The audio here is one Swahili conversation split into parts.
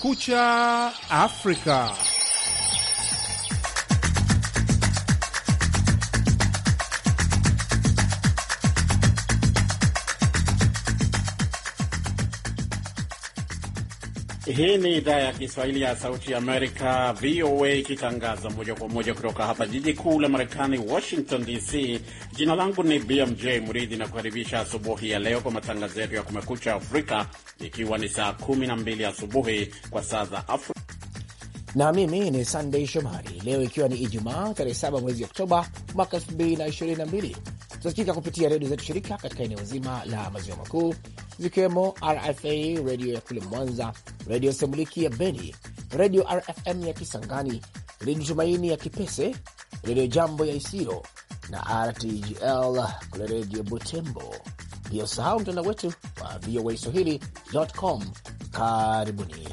Kumekucha Afrika. Hii ni idhaa ya Kiswahili ya Sauti ya Amerika, VOA, ikitangaza moja kwa moja kutoka hapa jiji kuu la Marekani, Washington DC. Jina langu ni BMJ Mridhi na kukaribisha asubuhi ya leo kwa matangazo yetu ya Kumekucha Afrika, ikiwa ni saa 12 asubuhi kwa saa za Afrika na mimi ni Sandei Shomari. Leo ikiwa ni Ijumaa tarehe 7 mwezi Oktoba mwaka 2022, tunasikika kupitia redio zetu shirika katika eneo zima la maziwa makuu zikiwemo RFA redio ya kule Mwanza, redio Semuliki ya Beni, redio RFM ya Kisangani, redio Tumaini ya Kipese, Redio Jambo ya Isiro na RTGL kule Redio Butembo. Ndiyo sahau mtandao wetu wa VOA Swahili.com. Karibuni.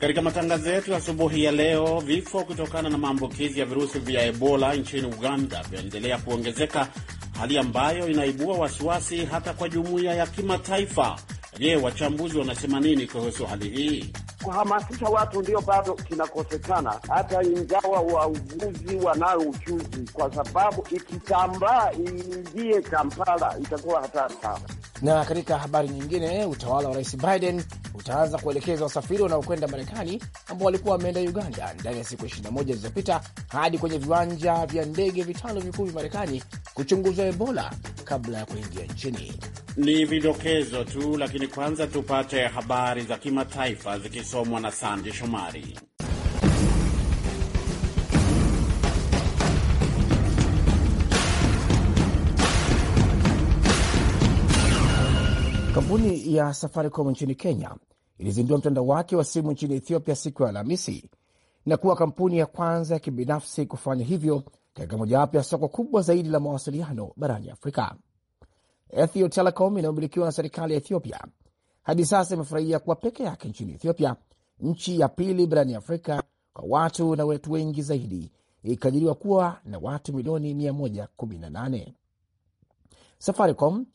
Katika matangazo yetu asubuhi ya leo, vifo kutokana na maambukizi ya virusi vya Ebola nchini Uganda vyaendelea kuongezeka, hali ambayo inaibua wasiwasi hata kwa jumuiya ya kimataifa. Je, wachambuzi wanasema nini kuhusu hali hii? kuhamasisha watu ndio bado kinakosekana, hata ingawa wauguzi wanayo ujuzi, kwa sababu ikitambaa iingie Kampala itakuwa hatari sana. Na katika habari nyingine, utawala wa Rais Biden utaanza kuelekeza wasafiri wanaokwenda Marekani ambao walikuwa wameenda Uganda ndani ya siku 21 zilizopita hadi kwenye viwanja vya ndege vitano vikuu vya Marekani kuchunguza Ebola kabla ya kuingia nchini. Ni vidokezo tu, lakini kwanza tupate habari za kimataifa zikisomwa na Sandi Shomari. Kampuni ya Safaricom nchini Kenya ilizindua mtandao wake wa simu nchini Ethiopia siku ya Alhamisi na kuwa kampuni ya kwanza ya kibinafsi kufanya hivyo katika mojawapo ya soko kubwa zaidi la mawasiliano barani Afrika. Ethio Telecom inayomilikiwa na serikali ya Ethiopia hadi sasa imefurahia kuwa peke yake nchini Ethiopia, nchi ya pili barani Afrika kwa watu na watu wengi zaidi, ikikadiriwa kuwa na watu milioni 118. Safaricom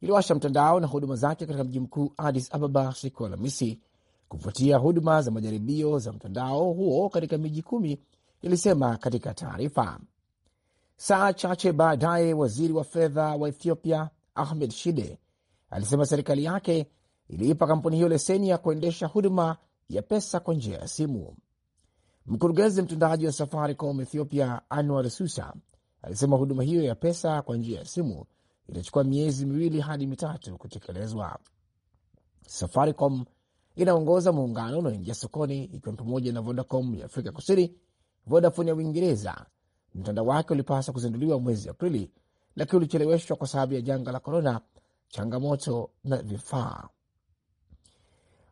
iliwasha mtandao na huduma zake katika mji mkuu Addis Ababa siku Alhamisi kufuatia huduma za majaribio za mtandao huo katika miji kumi, ilisema katika taarifa. Saa chache baadaye, waziri wa fedha wa Ethiopia Ahmed Shide alisema serikali yake iliipa kampuni hiyo leseni ya kuendesha huduma ya pesa kwa njia ya simu. Mkurugenzi mtendaji wa Safaricom Ethiopia Anwar Susa alisema huduma hiyo ya pesa kwa njia ya simu itachukua miezi miwili hadi mitatu kutekelezwa. Safaricom inaongoza muungano unaoingia sokoni ikiwa ni pamoja na Vodacom ya Afrika Kusini, Vodafone ya Uingereza. Mtandao wake ulipaswa kuzinduliwa mwezi Aprili, lakini ulicheleweshwa kwa sababu ya janga la korona, changamoto na vifaa.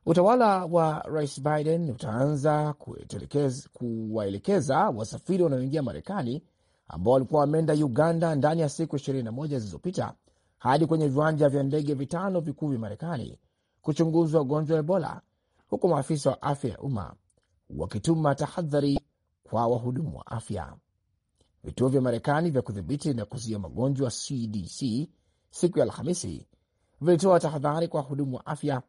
Utawala wa Rais Biden utaanza kuwaelekeza wasafiri wanaoingia Marekani ambao walikuwa wameenda Uganda ndani ya siku 21 zilizopita hadi kwenye viwanja vya ndege vitano vikuu vya Marekani kuchunguzwa ugonjwa wa Ebola, huku maafisa wa afya ya umma wakituma tahadhari kwa wahudumu wa afya. Vituo vya Marekani vya kudhibiti na kuzuia magonjwa CDC siku ya Alhamisi vilitoa tahadhari kwa wahudumu wa afya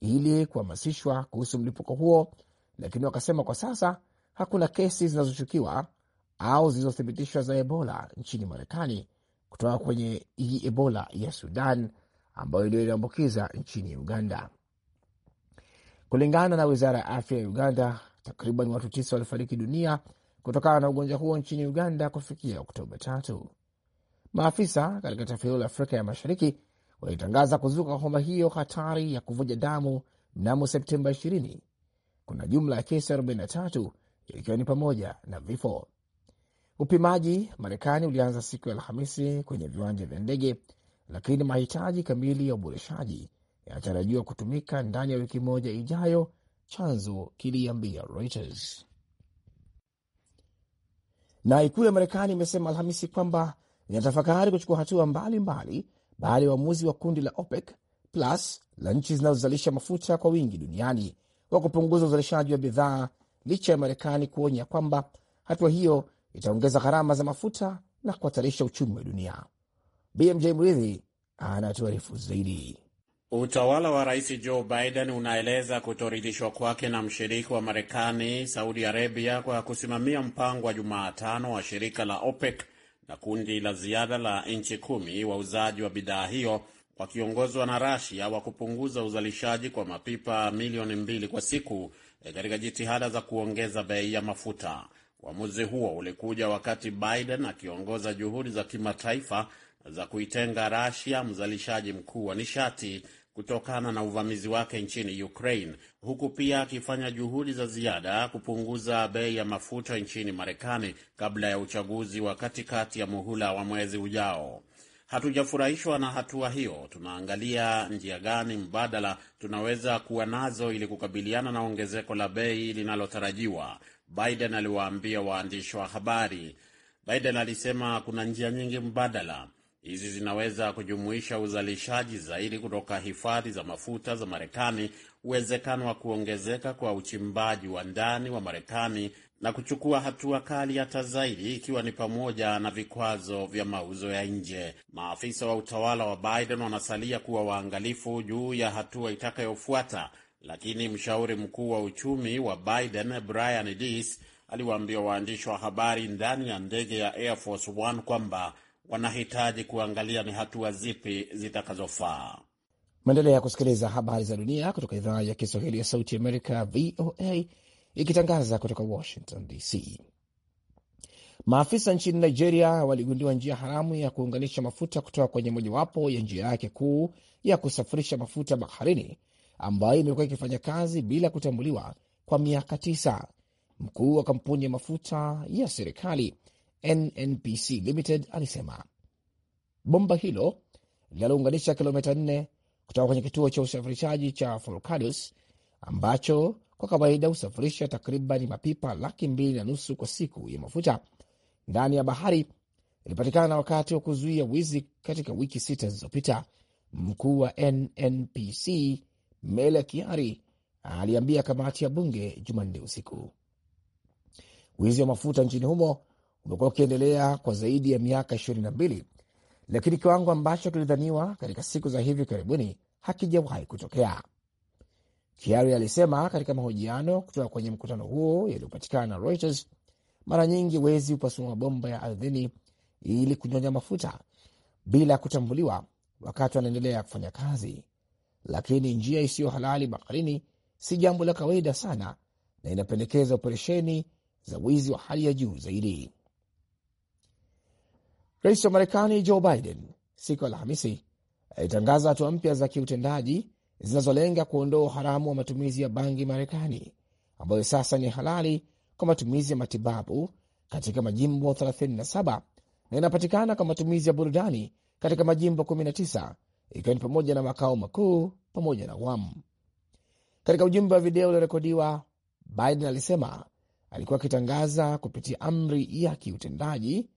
ili kuhamasishwa kuhusu mlipuko huo, lakini wakasema kwa sasa hakuna kesi zinazoshukiwa au zilizothibitishwa za Ebola nchini Marekani kutoka kwenye hii Ebola ya Sudan ambayo ndio inaambukiza nchini Uganda. Kulingana na wizara ya afya ya Uganda, takriban watu tisa walifariki dunia kutokana na ugonjwa huo nchini Uganda kufikia Oktoba tatu. Maafisa katika taifa hilo la Afrika ya Mashariki walitangaza kuzuka homa hiyo hatari ya kuvuja damu mnamo Septemba 20. Kuna jumla ya kesi 43 ikiwa ni pamoja na vifo. Upimaji Marekani ulianza siku ya Alhamisi kwenye viwanja vya ndege, lakini mahitaji kamili ya uboreshaji yanatarajiwa kutumika ndani ya wiki moja ijayo, chanzo kiliambia Reuters. Na ikulu ya Marekani imesema Alhamisi kwamba inatafakari kuchukua hatua mbalimbali baada ya uamuzi wa kundi la OPEC plus la nchi zinazozalisha mafuta kwa wingi duniani wa kupunguza uzalishaji wa bidhaa licha ya Marekani kuonya kwamba hatua hiyo itaongeza gharama za mafuta na kuhatarisha uchumi wa dunia. BMJ Mridhi anatuarifu zaidi. Utawala wa Rais Joe Biden unaeleza kutoridhishwa kwake na mshiriki wa Marekani, Saudi Arabia, kwa kusimamia mpango wa Jumatano wa shirika la OPEC na kundi la ziada la nchi kumi wa uzaji wa bidhaa hiyo wakiongozwa na Rasia wa kupunguza uzalishaji kwa mapipa milioni mbili kwa siku eh, katika jitihada za kuongeza bei ya mafuta. Uamuzi huo ulikuja wakati Biden akiongoza juhudi za kimataifa za kuitenga Rasia, mzalishaji mkuu wa nishati kutokana na uvamizi wake nchini Ukraine, huku pia akifanya juhudi za ziada kupunguza bei ya mafuta nchini Marekani kabla ya uchaguzi wa katikati ya muhula wa mwezi ujao. Hatujafurahishwa na hatua hiyo. Tunaangalia njia gani mbadala tunaweza kuwa nazo ili kukabiliana na ongezeko la bei linalotarajiwa, Biden aliwaambia waandishi wa habari. Biden alisema kuna njia nyingi mbadala Hizi zinaweza kujumuisha uzalishaji zaidi kutoka hifadhi za mafuta za Marekani, uwezekano wa kuongezeka kwa uchimbaji wa ndani wa Marekani na kuchukua hatua kali hata zaidi, ikiwa ni pamoja na vikwazo vya mauzo ya nje. Maafisa wa utawala wa Biden wanasalia kuwa waangalifu juu ya hatua itakayofuata, lakini mshauri mkuu wa uchumi wa Biden Brian Dees aliwaambia waandishi wa habari ndani ya ndege ya Air Force One kwamba wanahitaji kuangalia ni hatua zipi zitakazofaa. Maendelea ya kusikiliza habari za dunia kutoka idhaa ya Kiswahili ya Sauti Amerika, VOA, ikitangaza kutoka Washington DC. Maafisa nchini Nigeria waligundua njia haramu ya kuunganisha mafuta kutoka kwenye mojawapo ya njia yake kuu ya kusafirisha mafuta baharini ambayo imekuwa ikifanya kazi bila kutambuliwa kwa miaka tisa. Mkuu wa kampuni ya mafuta ya serikali NNPC Limited alisema bomba hilo linalounganisha kilomita nne kutoka kwenye kituo cha usafirishaji cha Forcados ambacho kwa kawaida husafirisha takriban mapipa laki mbili na nusu kwa siku ya mafuta ndani ya bahari ilipatikana wakati wa kuzuia wizi katika wiki sita zilizopita. Mkuu wa NNPC Mele Kiari aliambia kamati ya bunge Jumanne usiku wizi wa mafuta nchini humo umekuwa ukiendelea kwa zaidi ya miaka ishirini na mbili, lakini kiwango ambacho kilidhaniwa katika siku za hivi karibuni hakijawahi kutokea. Kiari alisema katika mahojiano kutoka kwenye mkutano huo yaliyopatikana na Reuters, mara nyingi wezi hupasua mabomba ya ardhini ili kunyonya mafuta bila kutambuliwa wakati wanaendelea kufanya kazi, lakini njia isiyo halali baharini si jambo la kawaida sana na inapendekeza operesheni za wizi wa hali ya juu zaidi. Rais wa Marekani Joe Biden siku Alhamisi alitangaza hatua mpya za kiutendaji zinazolenga kuondoa uharamu wa matumizi ya bangi Marekani, ambayo sasa ni halali kwa matumizi ya matibabu katika majimbo 37 na inapatikana kwa matumizi ya burudani katika majimbo 19 ikiwa ni pamoja na makao makuu pamoja na Guam. Katika ujumbe wa video uliorekodiwa, Biden alisema alikuwa akitangaza kupitia amri ya kiutendaji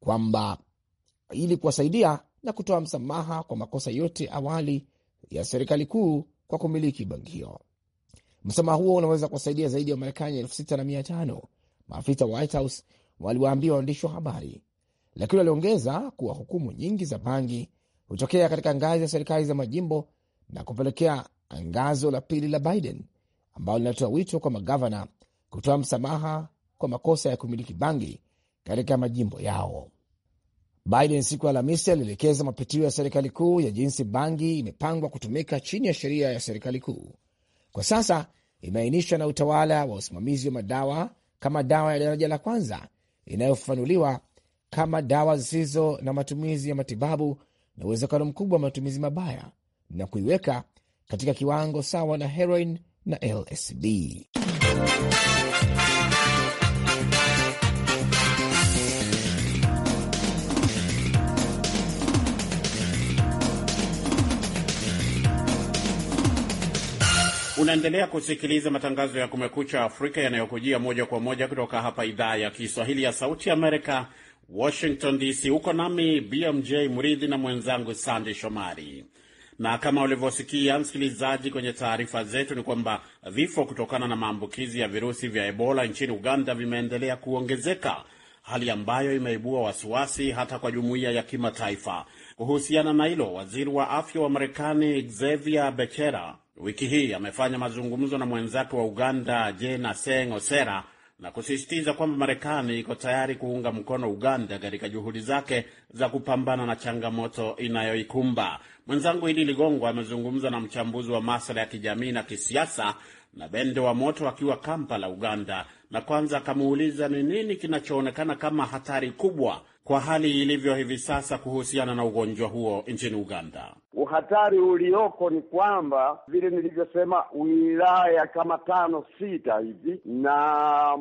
kwamba ili kuwasaidia na kutoa msamaha kwa makosa yote awali ya serikali kuu kwa kumiliki benki hiyo. Msamaha huo unaweza kuwasaidia zaidi ya Wamarekani elfu sita na mia tano maafisa wa White House waliwaambia waandishi wa habari, lakini waliongeza kuwa hukumu nyingi za bangi hutokea katika ngazi ya serikali za majimbo na kupelekea angazo la pili la Biden ambalo linatoa wito kwa magavana kutoa msamaha kwa makosa ya kumiliki bangi katika majimbo yao. Biden siku ya Alhamisi alielekeza mapitio ya serikali kuu ya jinsi bangi imepangwa kutumika chini ya sheria ya serikali kuu. Kwa sasa imeainishwa na utawala wa usimamizi wa madawa kama dawa ya daraja la kwanza inayofafanuliwa kama dawa zisizo na matumizi ya matibabu na uwezekano mkubwa wa matumizi mabaya na kuiweka katika kiwango sawa na heroin na LSD. Unaendelea kusikiliza matangazo ya Kumekucha Afrika yanayokujia moja kwa moja kutoka hapa idhaa ya Kiswahili ya Sauti Amerika, Washington DC. Huko nami BMJ Mridhi na mwenzangu sandey Shomari, na kama ulivyosikia msikilizaji, kwenye taarifa zetu ni kwamba vifo kutokana na maambukizi ya virusi vya Ebola nchini Uganda vimeendelea kuongezeka, hali ambayo imeibua wasiwasi hata kwa jumuiya ya kimataifa. Kuhusiana na hilo, waziri wa afya wa Marekani Xavier Becerra wiki hii amefanya mazungumzo na mwenzake wa Uganda Jena Seng Osera na kusisitiza kwamba Marekani iko tayari kuunga mkono Uganda katika juhudi zake za kupambana na changamoto inayoikumba. Mwenzangu Idi Ligongo amezungumza na mchambuzi wa masuala ya kijamii na kisiasa na Bende wa Moto akiwa Kampala, Uganda, na kwanza akamuuliza ni nini kinachoonekana kama hatari kubwa kwa hali ilivyo hivi sasa kuhusiana na ugonjwa huo nchini Uganda. Uhatari ulioko ni kwamba vile nilivyosema, wilaya kama tano sita hivi na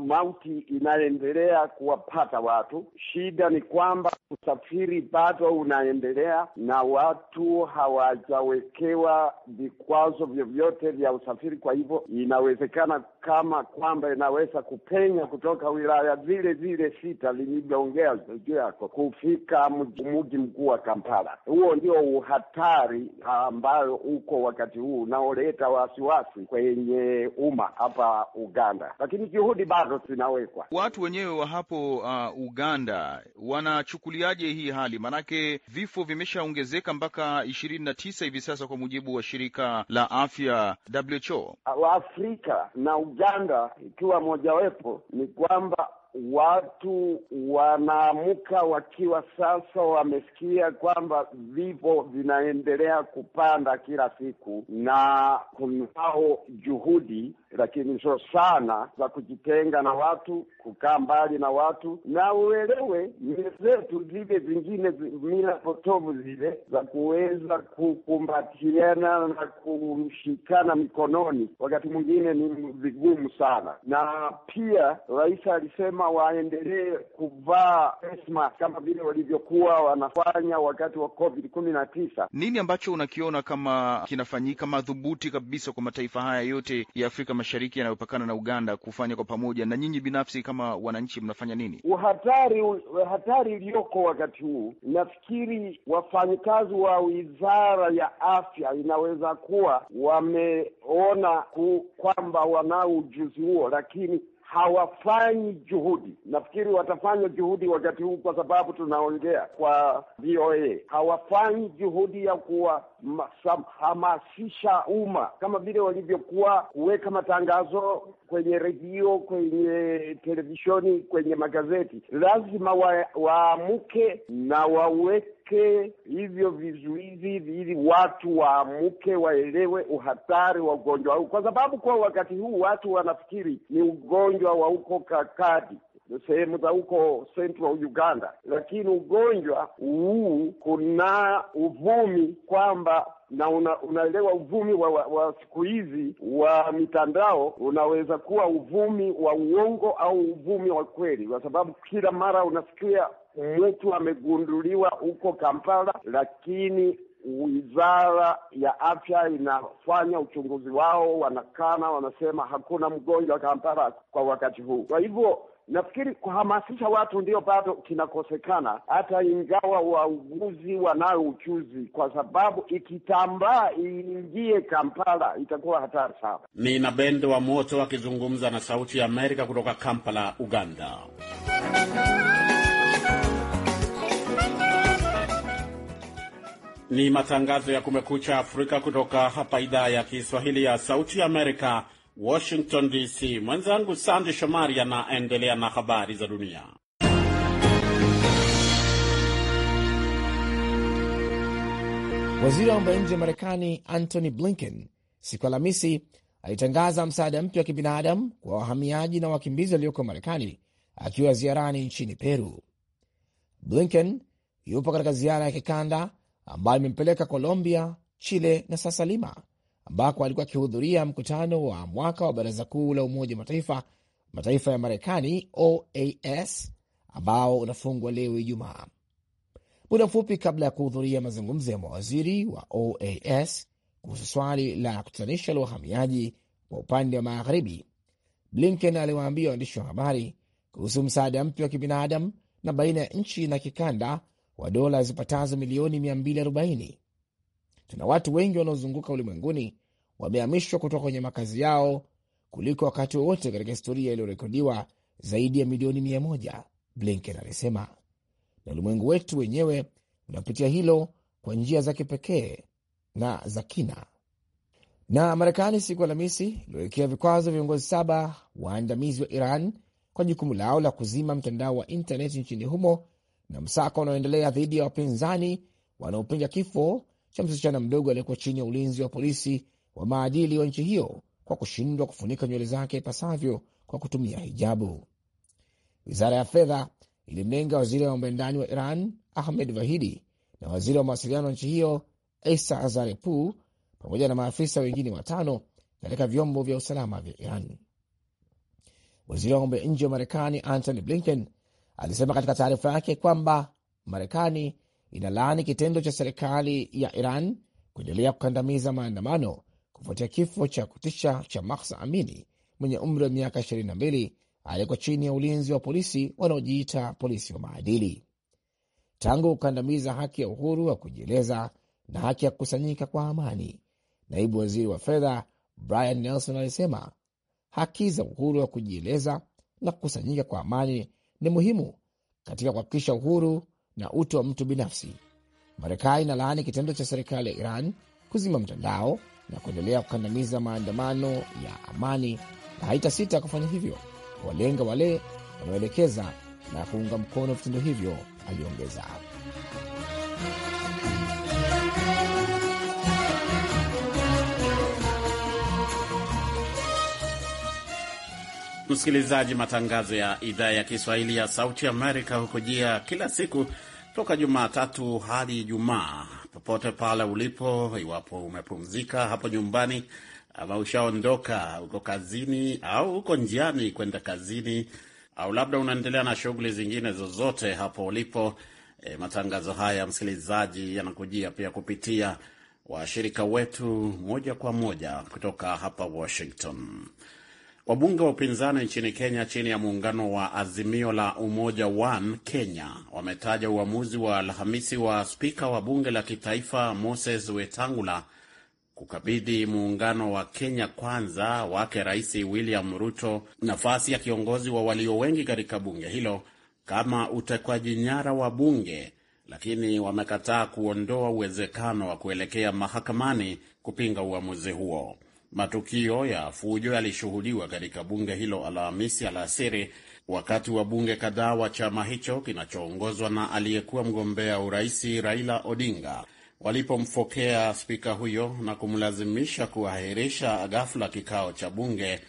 mauti inaendelea kuwapata watu. Shida ni kwamba usafiri bado unaendelea na watu hawajawekewa vikwazo vyovyote vya usafiri. Kwa hivyo inawezekana kama kwamba inaweza kupenya kutoka wilaya vile vile sita lilivyoongea juu yako kufika mji mkuu wa Kampala. Huo ndio uhatari ambayo uko wakati huu unaoleta wasiwasi kwenye umma hapa Uganda, lakini juhudi bado zinawekwa. Watu wenyewe wa hapo uh, Uganda wanachukuliaje hii hali? Maanake vifo vimeshaongezeka mpaka ishirini na tisa hivi sasa kwa mujibu wa shirika la afya WHO. Waafrika na Uganda ikiwa mojawapo ni kwamba watu wanaamka wakiwa sasa wamesikia kwamba vipo vinaendelea kupanda kila siku, na kunao juhudi lakini sio sana za kujitenga na watu, kukaa mbali na watu, na uelewe mila zetu zile zingine, mila potovu zile za kuweza kukumbatiana na kushikana mikononi, wakati mwingine ni vigumu sana. Na pia rais alisema waendelee kuvaa face mask kama vile walivyokuwa wanafanya wakati wa COVID kumi na tisa. Nini ambacho unakiona kama kinafanyika madhubuti kabisa kwa mataifa haya yote ya Afrika Mashariki yanayopakana na Uganda kufanya kwa pamoja, na nyinyi binafsi kama wananchi mnafanya nini? Uhatari hatari iliyoko wakati huu, nafikiri wafanyikazi wa wizara ya afya inaweza kuwa wameona kwamba wanao ujuzi huo, lakini hawafanyi juhudi. Nafikiri watafanya juhudi wakati huu, kwa sababu tunaongea kwa VOA. Hawafanyi juhudi ya kuwahamasisha umma kama vile walivyokuwa kuweka matangazo kwenye redio, kwenye televisheni, kwenye magazeti. Lazima waamuke wa na wawe tuweke hivyo vizuizi ili watu waamuke, waelewe uhatari wa ugonjwa huu, kwa sababu kwa wakati huu watu wanafikiri ni ugonjwa wa huko Kakadi sehemu za huko Central Uganda, lakini ugonjwa huu kuna uvumi kwamba na una, unaelewa uvumi wa, wa, wa siku hizi wa mitandao unaweza kuwa uvumi wa uongo au uvumi wa kweli, kwa sababu kila mara unasikia mtu amegunduliwa huko Kampala, lakini wizara ya afya inafanya uchunguzi wao, wanakana, wanasema hakuna mgonjwa Kampala kwa wakati huu. Kwa hivyo nafikiri kuhamasisha watu ndio bado kinakosekana, hata ingawa wauguzi wanayo uchuzi, kwa sababu ikitambaa iingie Kampala itakuwa hatari sana. Ni Nabende wa Moto akizungumza na Sauti ya Amerika kutoka Kampala, Uganda. Ni matangazo ya Kumekucha Afrika kutoka hapa idhaa ya Kiswahili ya Sauti Amerika, Washington DC. Mwenzangu sandi Shomari anaendelea na habari za dunia. Waziri wa mambo ya nje wa Marekani Antony Blinken siku Alhamisi alitangaza msaada mpya wa kibinadamu kwa wahamiaji na wakimbizi walioko Marekani akiwa ziarani nchini Peru. Blinken yupo katika ziara ya kikanda ambayo imempeleka Colombia, Chile na sasa Lima, ambako alikuwa akihudhuria mkutano wa mwaka wa Baraza Kuu la Umoja wa Mataifa, mataifa ya Marekani, OAS, ambao unafungwa leo Ijumaa. Muda mfupi kabla ya kuhudhuria mazungumzo ya mawaziri wa OAS kuhusu swali la kutatanisha la wahamiaji kwa upande wa magharibi, Blinken aliwaambia waandishi wa habari kuhusu msaada mpya wa kibinadamu na baina ya nchi na kikanda wa dola zipatazo milioni 240. Tuna watu wengi wanaozunguka ulimwenguni wamehamishwa kutoka kwenye makazi yao kuliko wakati wowote katika historia iliyorekodiwa, zaidi ya milioni 100, Blinken alisema, na ulimwengu wetu wenyewe unapitia hilo kwa njia za kipekee na za kina. Na Marekani siku Alhamisi iliwekea vikwazo viongozi saba waandamizi wa Iran kwa jukumu lao la kuzima mtandao wa intaneti nchini humo na msako unaoendelea dhidi ya wapinzani wanaopinga kifo cha msichana mdogo aliyekuwa chini ya ulinzi wa polisi wa maadili wa nchi hiyo kwa kushindwa kufunika nywele zake ipasavyo kwa kutumia hijabu. Wizara ya fedha ilimlenga waziri wa mambo ya ndani wa Iran Ahmed Vahidi na waziri wa mawasiliano wa nchi hiyo Isa Azarepu pamoja na maafisa wengine watano katika vyombo vya usalama vya Iran. Waziri wa mambo ya nje wa Marekani Antony Blinken alisema katika taarifa yake kwamba Marekani inalaani kitendo cha serikali ya Iran kuendelea kukandamiza maandamano kufuatia kifo cha kutisha cha Mahsa Amini mwenye umri wa miaka 22 aliyekuwa chini ya ulinzi wa polisi wanaojiita polisi wa maadili. Tangu kukandamiza haki ya uhuru wa kujieleza na haki ya kukusanyika kwa amani, naibu waziri wa fedha Brian Nelson alisema haki za uhuru wa kujieleza na kukusanyika kwa amani ni muhimu katika kuhakikisha uhuru na utu wa mtu binafsi. Marekani inalaani kitendo cha serikali ya Iran kuzima mtandao na kuendelea kukandamiza maandamano ya amani, na haitasita kufanya hivyo kuwalenga wale wanaoelekeza na kuunga mkono vitendo hivyo, aliongeza. Msikilizaji, matangazo ya idhaa ya Kiswahili ya Sauti Amerika hukujia kila siku toka Jumatatu hadi Ijumaa, popote pale ulipo, iwapo umepumzika hapo nyumbani ama ushaondoka uko kazini au uko njiani kwenda kazini au labda unaendelea na shughuli zingine zozote hapo ulipo. E, matangazo haya msikilizaji, yanakujia pia kupitia washirika wetu moja kwa moja kutoka hapa Washington. Wabunge wa upinzani nchini Kenya chini ya muungano wa Azimio la Umoja One Kenya wametaja uamuzi wa Alhamisi wa spika wa bunge la kitaifa Moses Wetangula kukabidhi muungano wa Kenya Kwanza wake Rais William Ruto nafasi ya kiongozi wa walio wengi katika bunge hilo kama utekwaji nyara wa bunge, lakini wamekataa kuondoa uwezekano wa kuelekea mahakamani kupinga uamuzi huo. Matukio ya fujo yalishuhudiwa katika bunge hilo Alhamisi alasiri, wakati wa bunge kadhaa wa chama hicho kinachoongozwa na aliyekuwa mgombea uraisi Raila Odinga walipomfokea spika huyo na kumlazimisha kuahirisha ghafla kikao cha bunge,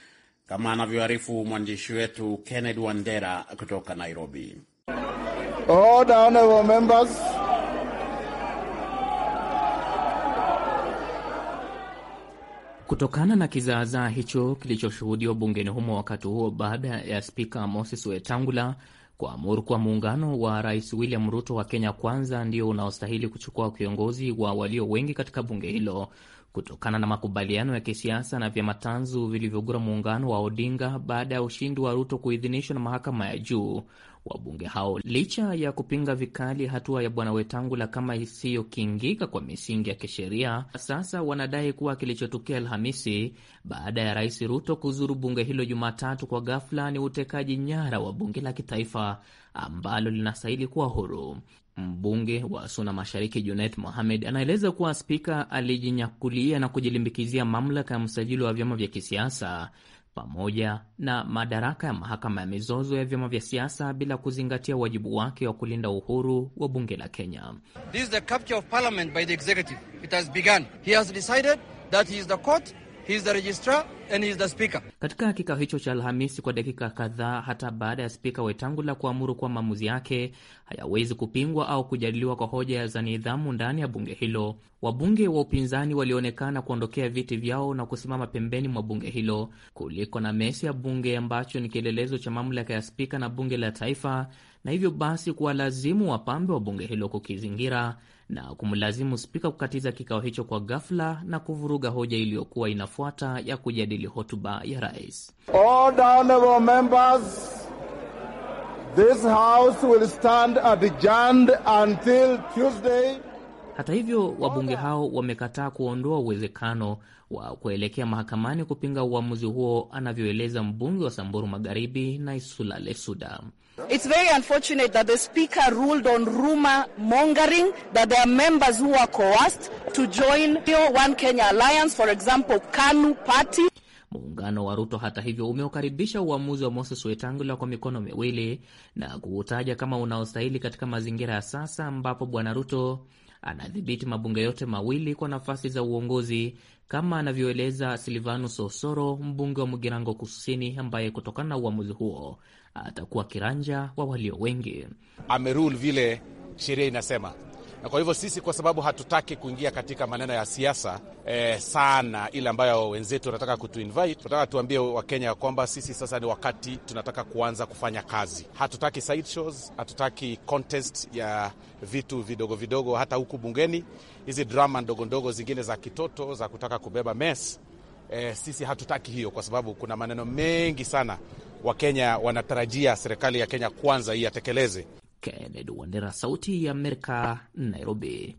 kama anavyoarifu mwandishi wetu kenned Wandera kutoka Nairobi. Order, Kutokana na kizaazaa hicho kilichoshuhudiwa bungeni humo wakati huo, baada ya spika Moses Wetangula kuamuru kwa muungano wa rais William Ruto wa Kenya Kwanza ndio unaostahili kuchukua kiongozi wa walio wengi katika bunge hilo kutokana na makubaliano ya kisiasa na vyama tanzu vilivyogura muungano wa Odinga baada ya ushindi wa Ruto kuidhinishwa na mahakama ya juu, Wabunge hao licha ya kupinga vikali hatua ya bwana Wetangula kama isiyokingika kwa misingi ya kisheria, sasa wanadai kuwa kilichotokea Alhamisi baada ya Rais Ruto kuzuru bunge hilo Jumatatu kwa ghafla ni utekaji nyara wa bunge la kitaifa ambalo linastahili kuwa huru. Mbunge wa Suna Mashariki Junet Mohamed anaeleza kuwa spika alijinyakulia na kujilimbikizia mamlaka ya msajili wa vyama vya kisiasa pamoja na madaraka ya mahakama ya mizozo ya vyama vya siasa bila kuzingatia wajibu wake wa kulinda uhuru wa bunge la Kenya. This is the capture of parliament by the executive. It has begun. He has decided that he is the court the registrar and the speaker. Katika kikao hicho cha Alhamisi, kwa dakika kadhaa hata baada ya spika Wetangula kuamuru kuwa maamuzi yake hayawezi kupingwa au kujadiliwa kwa hoja za nidhamu ndani ya bunge hilo, wabunge wa upinzani walionekana kuondokea viti vyao na kusimama pembeni mwa bunge hilo kuliko na mesi ya bunge ambacho ni kielelezo cha mamlaka ya spika na bunge la taifa na hivyo basi kuwalazimu wapambe wa bunge hilo kukizingira na kumlazimu spika kukatiza kikao hicho kwa ghafla na kuvuruga hoja iliyokuwa inafuata ya kujadili hotuba ya rais. Hata hivyo, wabunge hao wamekataa kuondoa uwezekano wa kuelekea mahakamani kupinga uamuzi huo, anavyoeleza mbunge wa Samburu Magharibi, Naisula Lesuda. It's very unfortunate that the speaker ruled on rumor mongering that there are members who are coerced to join the One Kenya Alliance, for example, KANU party. Muungano wa Ruto hata hivyo umeukaribisha uamuzi wa Moses Wetangula kwa mikono miwili na kuutaja kama unaostahili katika mazingira ya sasa ambapo Bwana Ruto anadhibiti mabunge yote mawili kwa nafasi za uongozi, kama anavyoeleza Silvano sosoro mbunge wa Mgirango Kusini, ambaye kutokana na uamuzi huo atakuwa kiranja wa walio wengi. amerul vile sheria inasema na kwa hivyo sisi, kwa sababu hatutaki kuingia katika maneno ya siasa eh, sana ile ambayo wenzetu wanataka kutuinvite, tunataka tuambie Wakenya kwamba sisi sasa ni wakati tunataka kuanza kufanya kazi. Hatutaki side shows, hatutaki contest ya vitu vidogo vidogo, hata huku bungeni hizi drama ndogo ndogo zingine za kitoto za kutaka kubeba mess eh, sisi hatutaki hiyo, kwa sababu kuna maneno mengi sana Wakenya wanatarajia serikali ya Kenya kwanza iyatekeleze Kennedy Wandera, Sauti ya Amerika, Nairobi.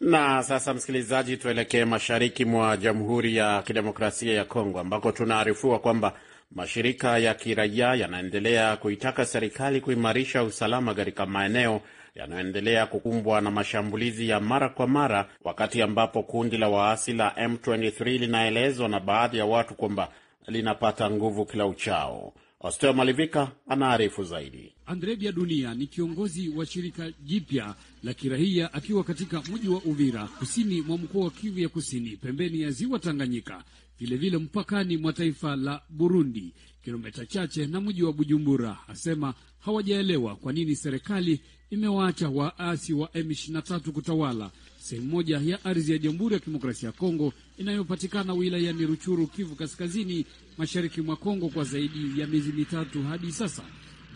Na sasa, msikilizaji, tuelekee mashariki mwa Jamhuri ya Kidemokrasia ya Kongo ambako tunaarifuwa kwamba mashirika ya kiraia yanaendelea kuitaka serikali kuimarisha usalama katika maeneo yanayoendelea kukumbwa na mashambulizi ya mara kwa mara, wakati ambapo kundi la waasi la M23 linaelezwa na baadhi ya watu kwamba linapata nguvu kila uchao. Osteo Malivika anaarifu zaidi. Bia Dunia ni kiongozi wa shirika jipya la kirahia akiwa katika mji wa Uvira, kusini mwa mkoa wa Kivu ya Kusini, pembeni ya ziwa Tanganyika, vilevile mpakani mwa taifa la Burundi, kilomita chache na mji wa Bujumbura. Asema hawajaelewa kwa nini serikali imewaacha waasi wa M23 kutawala sehemu moja ya ardhi ya Jamhuri ya Kidemokrasia ya Kongo inayopatikana wilayani Ruchuru, Kivu Kaskazini, mashariki mwa Kongo kwa zaidi ya miezi mitatu hadi sasa,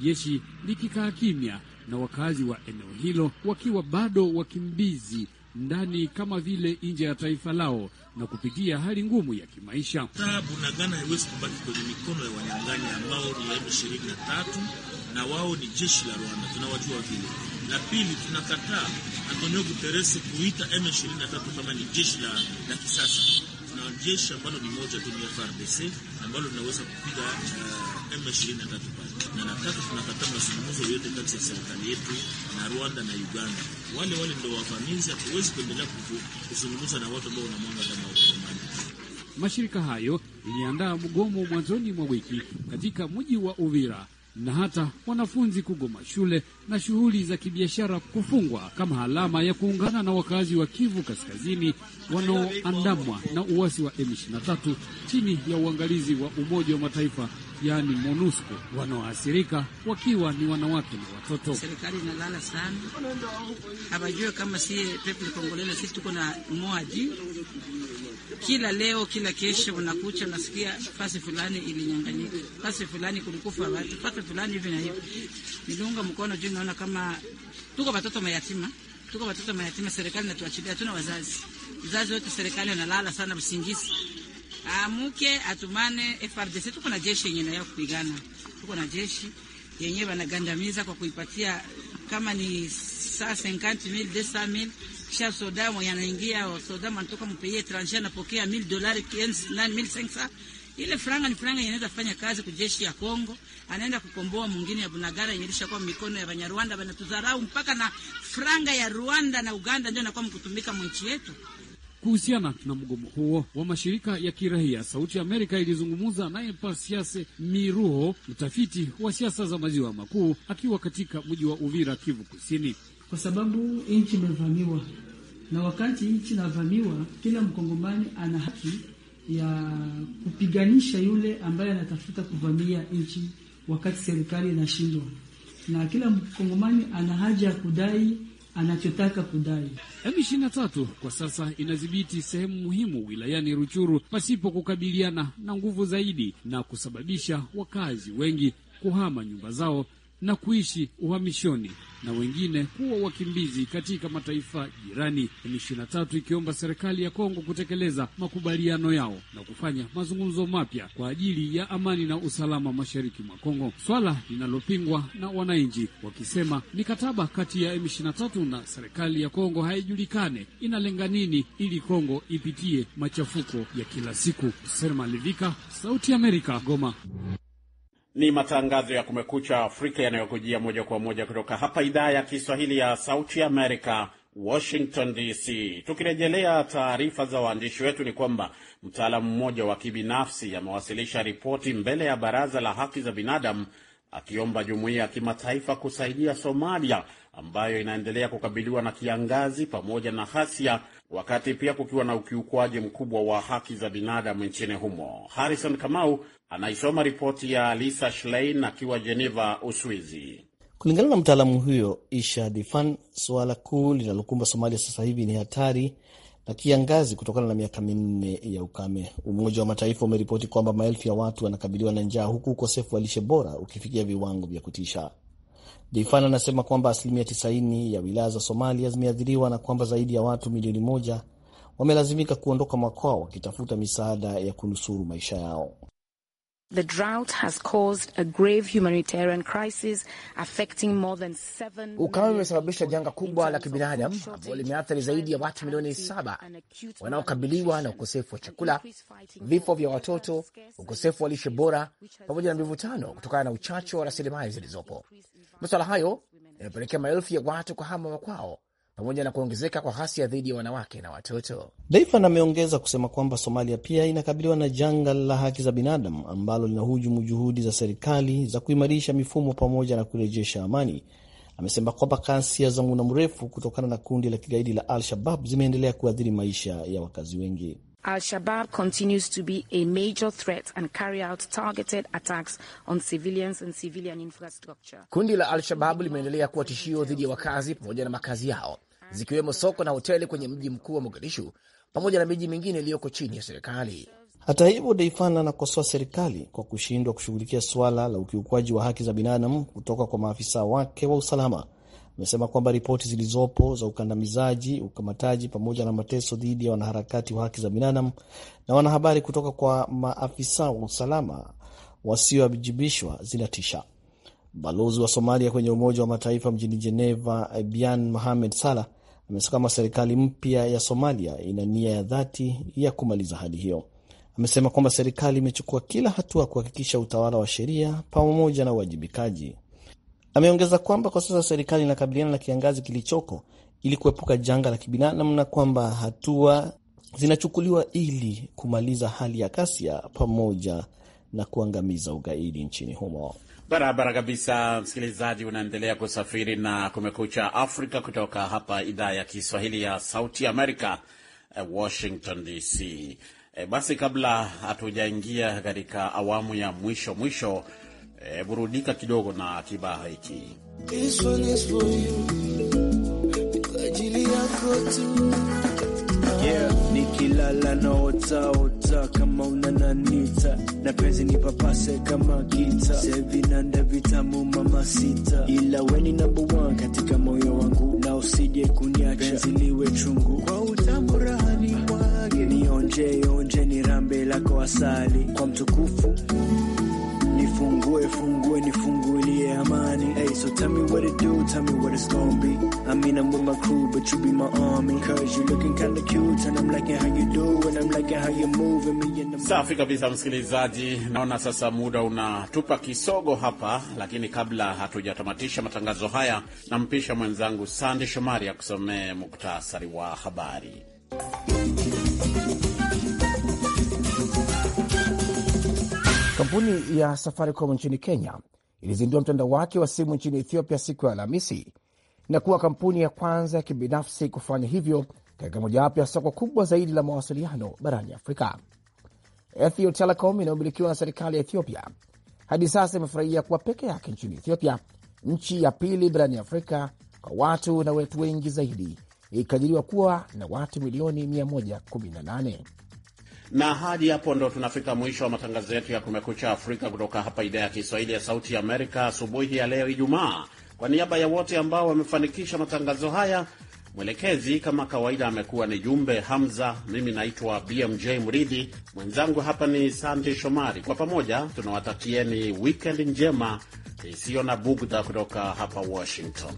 jeshi likikaa kimya na wakazi wa eneo hilo wakiwa bado wakimbizi ndani kama vile nje ya taifa lao na kupitia hali ngumu ya kimaisha. Bunagana haiwezi kubaki kwenye mikono ya wanyang'anyi ambao ni M23 na wao ni jeshi la Rwanda, tunawajua vile. La pili, tunakataa Antonio Guterres kuita M23 kama ni jeshi la, la kisasa jeshi ambalo ni moja tu ni FARDC ambalo linaweza kupiga uh, M23 pale, na nataka tunakataa mazungumzo yote kati ya serikali yetu na Rwanda na Uganda. Wale wale ndio wavamizi, hatuwezi kuendelea kuzungumza na watu ambao wanamwanga damu ya Mashirika hayo iliandaa mgomo mwanzoni mwa wiki katika mji wa Uvira na hata wanafunzi kugoma shule na shughuli za kibiashara kufungwa kama alama ya kuungana na wakazi wa Kivu Kaskazini wanaoandamwa na uasi wa M23 chini ya uangalizi wa Umoja wa Mataifa yani MONUSCO wanaoathirika wakiwa ni wanawake na watoto. Serikali inalala sana, hawajue kama si people kongolele, sisi tuko na mwaji kila leo kila kesho, unakucha unasikia fasi fulani ilinyanganyika, fasi fulani kulikufa watu, fasi fulani hivi na hivi. Niliunga mkono juu, naona kama tuko watoto mayatima, tuko watoto mayatima. Serikali natuachilia, hatuna wazazi, wazazi wote serikali wanalala sana msingizi amuke atumane FRDC. Tuko na jeshi yenye nayo kupigana, tuko na jeshi yenye wanagandamiza kwa kuipatia kama ni saa 50000 200000 kisha soda mwenye anaingia soda anatoka mpeye etranger anapokea 1000 dolari 1500 ile franga ni franga inaweza fanya kazi kujeshi ya Kongo, anaenda kukomboa mwingine ya Bunagara yenyelisha kwa mikono ya Banyarwanda. Banatudharau mpaka na franga ya Rwanda na Uganda ndio inakuwa mkutumika mwichi yetu. Kuhusiana na mgomo huo wa mashirika ya kiraia, Sauti ya Amerika ilizungumza naye Pasiase Miruho, mtafiti wa siasa za maziwa makuu, akiwa katika mji wa Uvira, Kivu Kusini. Kwa sababu nchi imevamiwa, na wakati nchi inavamiwa, kila mkongomani ana haki ya kupiganisha yule ambaye anatafuta kuvamia nchi wakati serikali inashindwa, na kila mkongomani ana haja ya kudai anachotaka kudai. M23 kwa sasa inadhibiti sehemu muhimu wilayani Ruchuru pasipo kukabiliana na nguvu zaidi na kusababisha wakazi wengi kuhama nyumba zao na kuishi uhamishoni na wengine kuwa wakimbizi katika mataifa jirani. M23 ikiomba serikali ya Kongo kutekeleza makubaliano yao na kufanya mazungumzo mapya kwa ajili ya amani na usalama mashariki mwa Kongo, swala linalopingwa na wananchi wakisema mikataba kati ya M23 na serikali ya Kongo haijulikane inalenga nini ili Kongo ipitie machafuko ya kila siku. Serma Livika, Sauti ya Amerika, Goma. Ni matangazo ya Kumekucha Afrika yanayokujia moja kwa moja kutoka hapa idhaa ya Kiswahili ya Sauti Amerika, Washington DC. Tukirejelea taarifa za waandishi wetu, ni kwamba mtaalamu mmoja wa kibinafsi amewasilisha ripoti mbele ya Baraza la Haki za Binadamu akiomba jumuiya ya kimataifa kusaidia Somalia ambayo inaendelea kukabiliwa na kiangazi pamoja na ghasia wakati pia kukiwa na ukiukwaji mkubwa wa haki za binadamu nchini humo. Harrison Kamau anaisoma ripoti ya Lisa Schlein akiwa Geneva, Uswizi. Kulingana na mtaalamu huyo Isha Difan, suala kuu linalokumba Somalia sasa hivi ni hatari na kiangazi kutokana na miaka minne ya ukame. Umoja wa Mataifa umeripoti kwamba maelfu ya watu wanakabiliwa na njaa huku ukosefu wa lishe bora ukifikia viwango vya kutisha. Jaifan anasema kwamba asilimia 90 ya wilaya za Somalia zimeathiriwa na kwamba zaidi ya watu milioni moja wamelazimika kuondoka makwao wakitafuta misaada ya kunusuru maisha yao. The drought has caused a grave humanitarian crisis affecting more than seven. Ukame umesababisha janga kubwa la kibinadamu ambalo limeathiri zaidi ya watu milioni saba wanaokabiliwa na ukosefu wa chakula, vifo vya watoto, ukosefu wa lishe bora, pamoja na mivutano kutokana na uchache wa rasilimali zilizopo maswala hayo yamepelekea maelfu ya watu kuhama makwao pamoja na kuongezeka kwa ghasia dhidi ya wanawake na watoto. Daifan ameongeza kusema kwamba Somalia pia inakabiliwa na janga la haki za binadamu ambalo linahujumu juhudi za serikali za kuimarisha mifumo pamoja na kurejesha amani. Amesema kwamba ghasia za muda mrefu kutokana na kundi la kigaidi la Al-Shabab zimeendelea kuathiri maisha ya wakazi wengi. Al Shabaab continues to be a major threat and carry out targeted attacks on civilians and civilian infrastructure. Kundi la Al-Shabaab limeendelea kuwa tishio dhidi ya wakazi pamoja na makazi yao, zikiwemo soko na hoteli kwenye mji mkuu wa Mogadishu pamoja na miji mingine iliyoko chini ya serikali. Hata hivyo, Daifan anakosoa serikali kwa kushindwa kushughulikia suala la ukiukwaji wa haki za binadamu kutoka kwa maafisa wake wa usalama amesema kwamba ripoti zilizopo za ukandamizaji, ukamataji pamoja na mateso dhidi ya wanaharakati wa haki za binadamu na wanahabari kutoka kwa maafisa wa usalama wasioajibishwa zinatisha. Balozi wa Somalia kwenye Umoja wa Mataifa mjini Jeneva, Bian Mohamed sala amesema serikali mpya ya Somalia ina nia ya dhati ya kumaliza hali hiyo. Amesema kwamba serikali imechukua kila hatua kuhakikisha utawala wa sheria pamoja na uwajibikaji Ameongeza kwamba kwa sasa serikali inakabiliana na kiangazi kilichoko ili kuepuka janga la kibinadamu na kwamba hatua zinachukuliwa ili kumaliza hali ya ghasia pamoja na kuangamiza ugaidi nchini humo. Barabara kabisa, msikilizaji, unaendelea kusafiri na Kumekucha Afrika kutoka hapa idhaa ya Kiswahili ya Sauti Amerika, eh, Washington DC. E, eh, basi kabla hatujaingia katika awamu ya mwisho mwisho E, burudika kidogo na kibao hiki. Yeah, nikilala naotaota kama unananita na penzi nipapase kama kita sevinanda vitamu mama sita ila weni number one katika moyo wangu na usije kuniacha penzi liwe chungu kwa utamu rahani mwage nionje onje ni rambe lako asali kwa mtukufu nifungue Fungue, fungue, nifungulie amani. Hey, so tell me what it do, tell me what it's gonna be. I mean, I'm with my crew, but you be my army. Cause you looking kinda cute, and I'm liking how you do, and I'm liking how you move. me in the... Safi kabisa msikilizaji, naona sasa muda unatupa kisogo hapa, lakini kabla hatujatamatisha matangazo haya, nampisha mwenzangu Sandy Shomari akusomee muktasari wa habari. Kampuni ya Safaricom nchini Kenya ilizindua mtandao wake wa simu nchini Ethiopia siku ya Alhamisi na kuwa kampuni ya kwanza ya kibinafsi kufanya hivyo katika mojawapo ya soko kubwa zaidi la mawasiliano barani Afrika. Ethio Telecom inayomilikiwa na serikali ya Ethiopia hadi sasa imefurahia kuwa peke yake nchini Ethiopia, nchi ya pili barani Afrika kwa watu na watu wengi zaidi, ikikadiriwa kuwa na watu milioni 118 na hadi hapo ndo tunafika mwisho wa matangazo yetu ya Kumekucha Afrika kutoka hapa idhaa ya Kiswahili ya Sauti ya Amerika asubuhi ya leo Ijumaa. Kwa niaba ya wote ambao wamefanikisha matangazo haya, mwelekezi kama kawaida amekuwa ni Jumbe Hamza, mimi naitwa BMJ Mridhi, mwenzangu hapa ni Sandi Shomari. Kwa pamoja tunawatakieni wikend njema isiyo na bugdha kutoka hapa Washington.